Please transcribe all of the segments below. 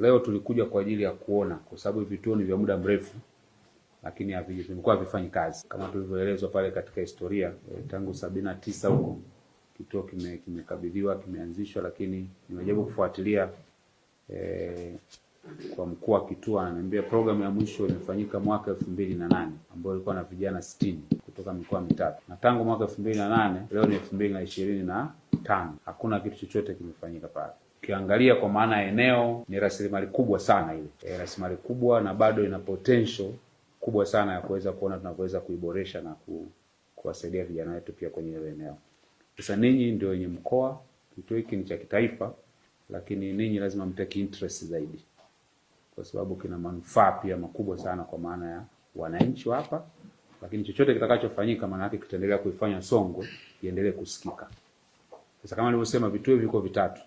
Leo tulikuja kwa ajili ya kuona, kwa sababu vituo ni vya muda mrefu, lakini vilikuwa havifanyi kazi kama tulivyoelezwa pale katika historia e, tangu sabini na tisa huko kituo kimekabidhiwa kime kimeanzishwa, lakini nimejaribu kufuatilia e, kwa mkuu wa kituo ananiambia programu ya mwisho imefanyika mwaka elfu mbili na nane ambayo ilikuwa na vijana sitini kutoka mikoa mitatu na tangu mwaka elfu mbili na nane leo ni elfu mbili na ishirini na tano hakuna kitu chochote kimefanyika pale. Ukiangalia kwa maana ya eneo ni rasilimali kubwa sana ile, e, rasilimali kubwa na bado ina potential kubwa sana ya kuweza kuona tunavyoweza kuiboresha na ku, kuwasaidia vijana wetu pia kwenye hilo eneo. Sasa ninyi ndio wenye mkoa, kituo hiki ni cha kitaifa, lakini ninyi lazima mteki interest zaidi, kwa sababu kina manufaa pia makubwa sana kwa maana ya wananchi wa hapa, lakini chochote kitakachofanyika maana yake kitaendelea kuifanya Songwe iendelee kusikika. Sasa kama nilivyosema, vituo viko vitatu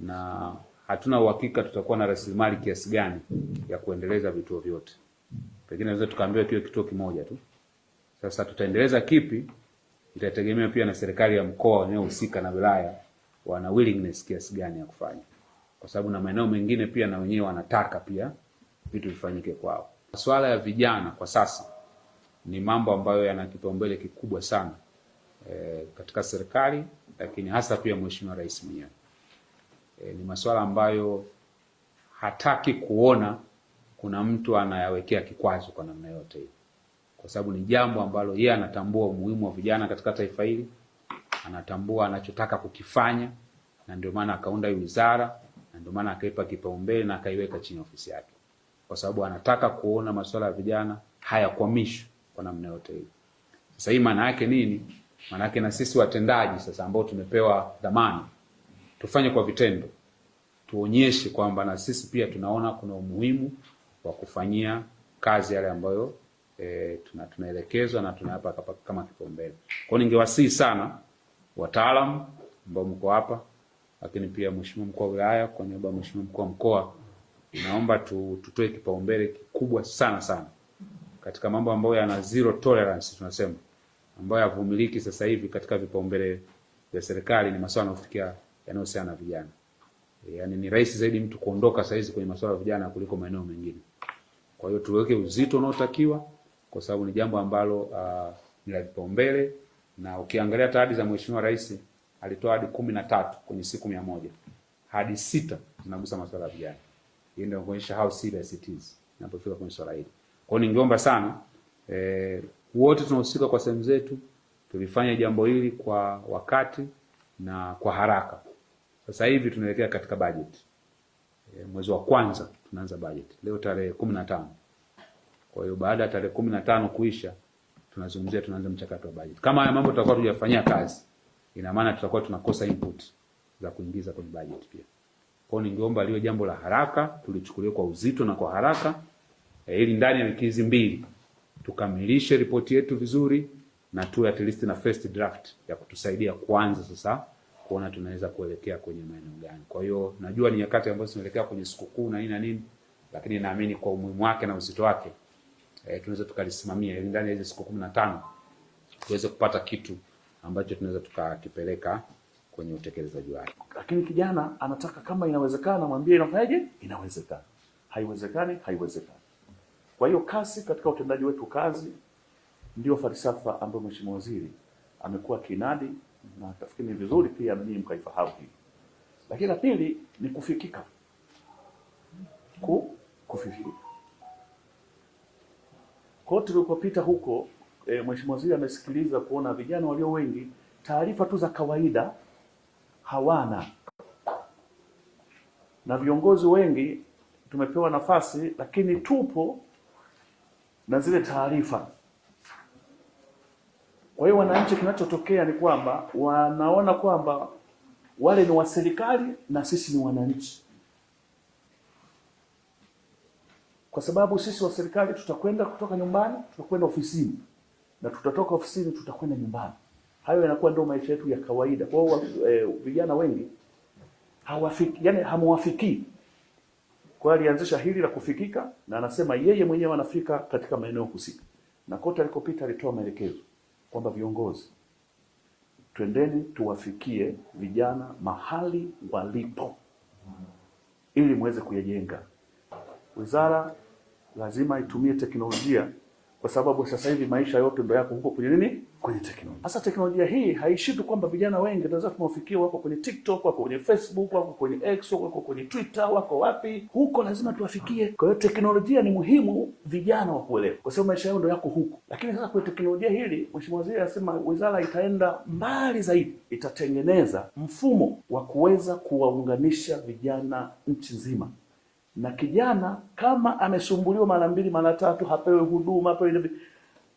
na hatuna uhakika tutakuwa na rasilimali kiasi gani ya kuendeleza vituo vyote. Pengine tunaweza tukaambiwa kiwe kituo kimoja tu. Sasa tutaendeleza kipi, itategemea pia na serikali ya mkoa wenyewe wanaohusika na wilaya wana willingness kiasi gani ya kufanya, kwa sababu na maeneo mengine pia na wenyewe wanataka pia vitu vifanyike kwao. Masuala ya vijana kwa sasa ni mambo ambayo yana kipaumbele kikubwa sana e, katika serikali, lakini hasa pia Mheshimiwa Rais mwenyewe e, ni masuala ambayo hataki kuona kuna mtu anayawekea kikwazo kwa namna yote hii, kwa sababu ni jambo ambalo yeye anatambua umuhimu wa vijana katika taifa hili, anatambua anachotaka kukifanya, na ndio maana akaunda hii wizara, na ndio maana akaipa kipaumbele na akaiweka chini ofisi yake, kwa sababu anataka kuona masuala ya vijana hayakwamishwi kwa namna yote hii. Sasa hii maana yake nini? Maana yake na sisi watendaji sasa ambao tumepewa dhamana tufanye kwa vitendo, tuonyeshe kwamba na sisi pia tunaona kuna umuhimu wa kufanyia kazi yale ambayo e, tuna, tunaelekezwa na tunayapa kama kipaumbele. Kwa hiyo ningewasihi sana wataalamu ambao mko hapa, lakini pia mheshimiwa mkuu wa wilaya, kwa niaba ya mheshimiwa mkuu wa mkoa, naomba tu, tutoe kipaumbele kikubwa sana sana katika mambo ambayo yana zero tolerance tunasema, ambayo yavumiliki sasa hivi katika vipaumbele vya serikali, ni masuala yanayofikia yanayohusiana na vijana. Yaani ni rahisi zaidi mtu kuondoka saa hizi kwenye masuala ya vijana kuliko maeneo mengine. Kwa hiyo tuweke uzito unaotakiwa kwa sababu ni jambo ambalo uh, ni la vipaumbele na ukiangalia ahadi za Mheshimiwa Rais alitoa hadi kumi na tatu kwenye siku mia moja hadi sita zinagusa masuala ya vijana. Hii ndio kuonyesha how serious it is inapofika kwenye swala hili. Kwa hiyo ningeomba sana eh, wote tunahusika kwa sehemu zetu tulifanya jambo hili kwa wakati na kwa haraka. Sasa hivi tunaelekea katika budget. E, mwezi wa kwanza tunaanza budget. Leo tarehe 15. Kwa hiyo baada ya tarehe 15 kuisha tunazungumzia tunaanza mchakato wa budget. Kama haya mambo tutakuwa tujafanyia kazi, ina maana tutakuwa tunakosa input za kuingiza kwenye budget pia. Kwa hiyo ningeomba liwe jambo la haraka, tulichukulie kwa uzito na kwa haraka e, ili ndani ya wiki hizi mbili tukamilishe ripoti yetu vizuri na tuwe at least na first draft ya kutusaidia kuanza sasa kuona tunaweza kuelekea kwenye maeneo gani. Kwa hiyo najua ni nyakati ambazo tunaelekea kwenye sikukuu na nini na nini, lakini naamini kwa umuhimu wake na uzito wake eh, tunaweza tukalisimamia ili ndani ya hizo siku 15 tuweze kupata kitu ambacho tunaweza tukakipeleka kwenye utekelezaji wake. Lakini kijana anataka kama inawezekana, mwambie inafanyaje, inawezekana. Haiwezekani, haiwezekani. Kwa hiyo kasi katika utendaji wetu kazi ndio falsafa ambayo Mheshimiwa Waziri amekuwa kinadi na tafikiri ni vizuri pia mimi mkaifahamu hii. Lakini la pili ni kufikika ku kufikika. Kwa tulipopita huko e, mheshimiwa waziri amesikiliza kuona vijana walio wengi taarifa tu za kawaida hawana, na viongozi wengi tumepewa nafasi, lakini tupo na zile taarifa kwa hiyo wananchi, kinachotokea ni kwamba wanaona kwamba wale ni wa serikali na sisi ni wananchi, kwa sababu sisi wa serikali tutakwenda kutoka nyumbani, tutakwenda ofisini na tutatoka ofisini, tutakwenda nyumbani. Hayo yanakuwa ndio maisha yetu ya kawaida. Kwa hiyo eh, vijana wengi hawafiki, yani hamwafiki. Kwa hiyo alianzisha hili la kufikika, na anasema yeye mwenyewe anafika katika maeneo husika, na kote alikopita alitoa maelekezo kwamba viongozi, twendeni tuwafikie vijana mahali walipo ili muweze kuyajenga. Wizara lazima itumie teknolojia kwa sababu sasa hivi maisha yote ndio yako huko kwenye nini? Kwenye teknolojia. Sasa teknolojia hii haishi tu kwamba vijana wengi tunaweza tumewafikia, wako kwenye TikTok, wako kwenye Facebook, wako kwenye X, wako kwenye Twitter, wako wapi huko, lazima tuwafikie. Kwa hiyo teknolojia ni muhimu vijana wa kuelewa, kwa sababu maisha yao ndio yako huko. Lakini sasa kwenye teknolojia hili, mheshimiwa waziri anasema wizara itaenda mbali zaidi, itatengeneza mfumo wa kuweza kuwaunganisha vijana nchi nzima na kijana kama amesumbuliwa mara mbili mara tatu, hapewe huduma, hapewe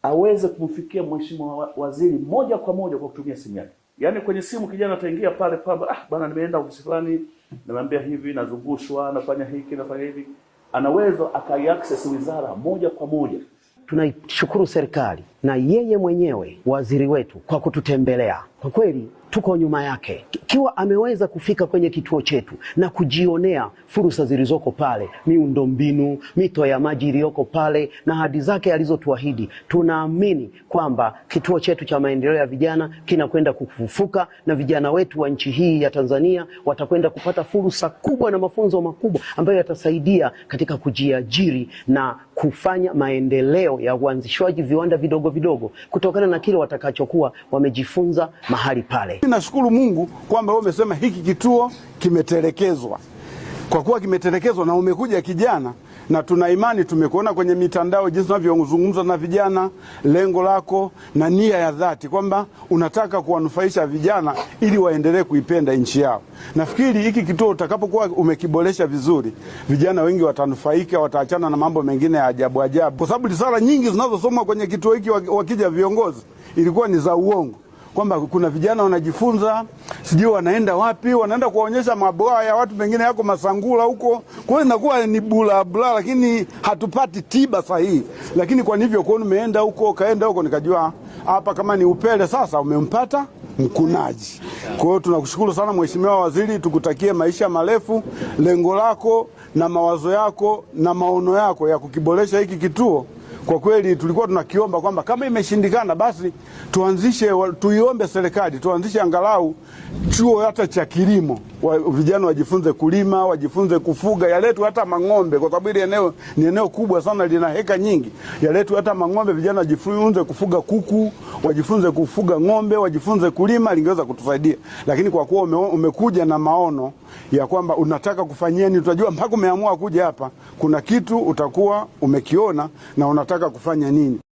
aweze kumfikia mheshimiwa waziri moja kwa moja kwa kutumia simu yake. Yaani kwenye simu kijana ataingia pale kwamba ah, bwana, nimeenda ofisi fulani, nimeambia hivi, nazungushwa, nafanya hiki, nafanya hivi. Anaweza akaiaccess wizara moja kwa moja. Tunaishukuru serikali na yeye mwenyewe waziri wetu kwa kututembelea kwa kweli tuko nyuma yake. Ikiwa ameweza kufika kwenye kituo chetu na kujionea fursa zilizoko pale, miundombinu, mito ya maji iliyoko pale na ahadi zake alizotuahidi, tunaamini kwamba kituo chetu cha maendeleo ya vijana kinakwenda kufufuka na vijana wetu wa nchi hii ya Tanzania watakwenda kupata fursa kubwa na mafunzo makubwa ambayo yatasaidia katika kujiajiri na kufanya maendeleo ya uanzishwaji viwanda vidogo vidogo kutokana na kile watakachokuwa wamejifunza mahali pale. Nashukuru Mungu kwamba wewe umesema hiki kituo kimetelekezwa, kwa kuwa kimetelekezwa na umekuja kijana, na tuna imani, tumekuona kwenye mitandao jinsi unavyozungumza na vijana, lengo lako na nia ya dhati kwamba unataka kuwanufaisha vijana ili waendelee kuipenda nchi yao. Nafikiri hiki kituo utakapokuwa umekiboresha vizuri, vijana wengi watanufaika, wataachana na mambo mengine ya ajabu ajabu, kwa sababu risala nyingi zinazosomwa kwenye kituo hiki wakija viongozi ilikuwa ni za uongo kwamba kuna vijana wanajifunza, sijui wanaenda wapi, wanaenda kuwaonyesha mabwaa ya watu mengine yako Masangula huko. Kwa hiyo inakuwa ni bula, lakini hatupati tiba sahihi. Lakini kwa nivyo kwa umeenda huko, kaenda huko, nikajua hapa kama ni upele sasa umempata mkunaji. Kwa hiyo tunakushukuru sana Mheshimiwa Waziri, tukutakie maisha marefu. Lengo lako na mawazo yako na maono yako ya kukiboresha hiki kituo kwa kweli tulikuwa tunakiomba kwamba kama imeshindikana, basi tuanzishe, tuiombe serikali tuanzishe angalau chuo hata cha kilimo wa, vijana wajifunze kulima, wajifunze kufuga, yaletu hata mang'ombe, kwa sababu ile eneo ni eneo kubwa sana, lina heka nyingi. yaletu hata mang'ombe, vijana wajifunze kufuga kuku, wajifunze kufuga ng'ombe, wajifunze kulima, lingeweza kutusaidia. Lakini kwa kuwa ume, umekuja na maono ya kwamba unataka kufanyeni, utajua mpaka umeamua kuja hapa, kuna kitu utakuwa umekiona na unataka kufanya nini.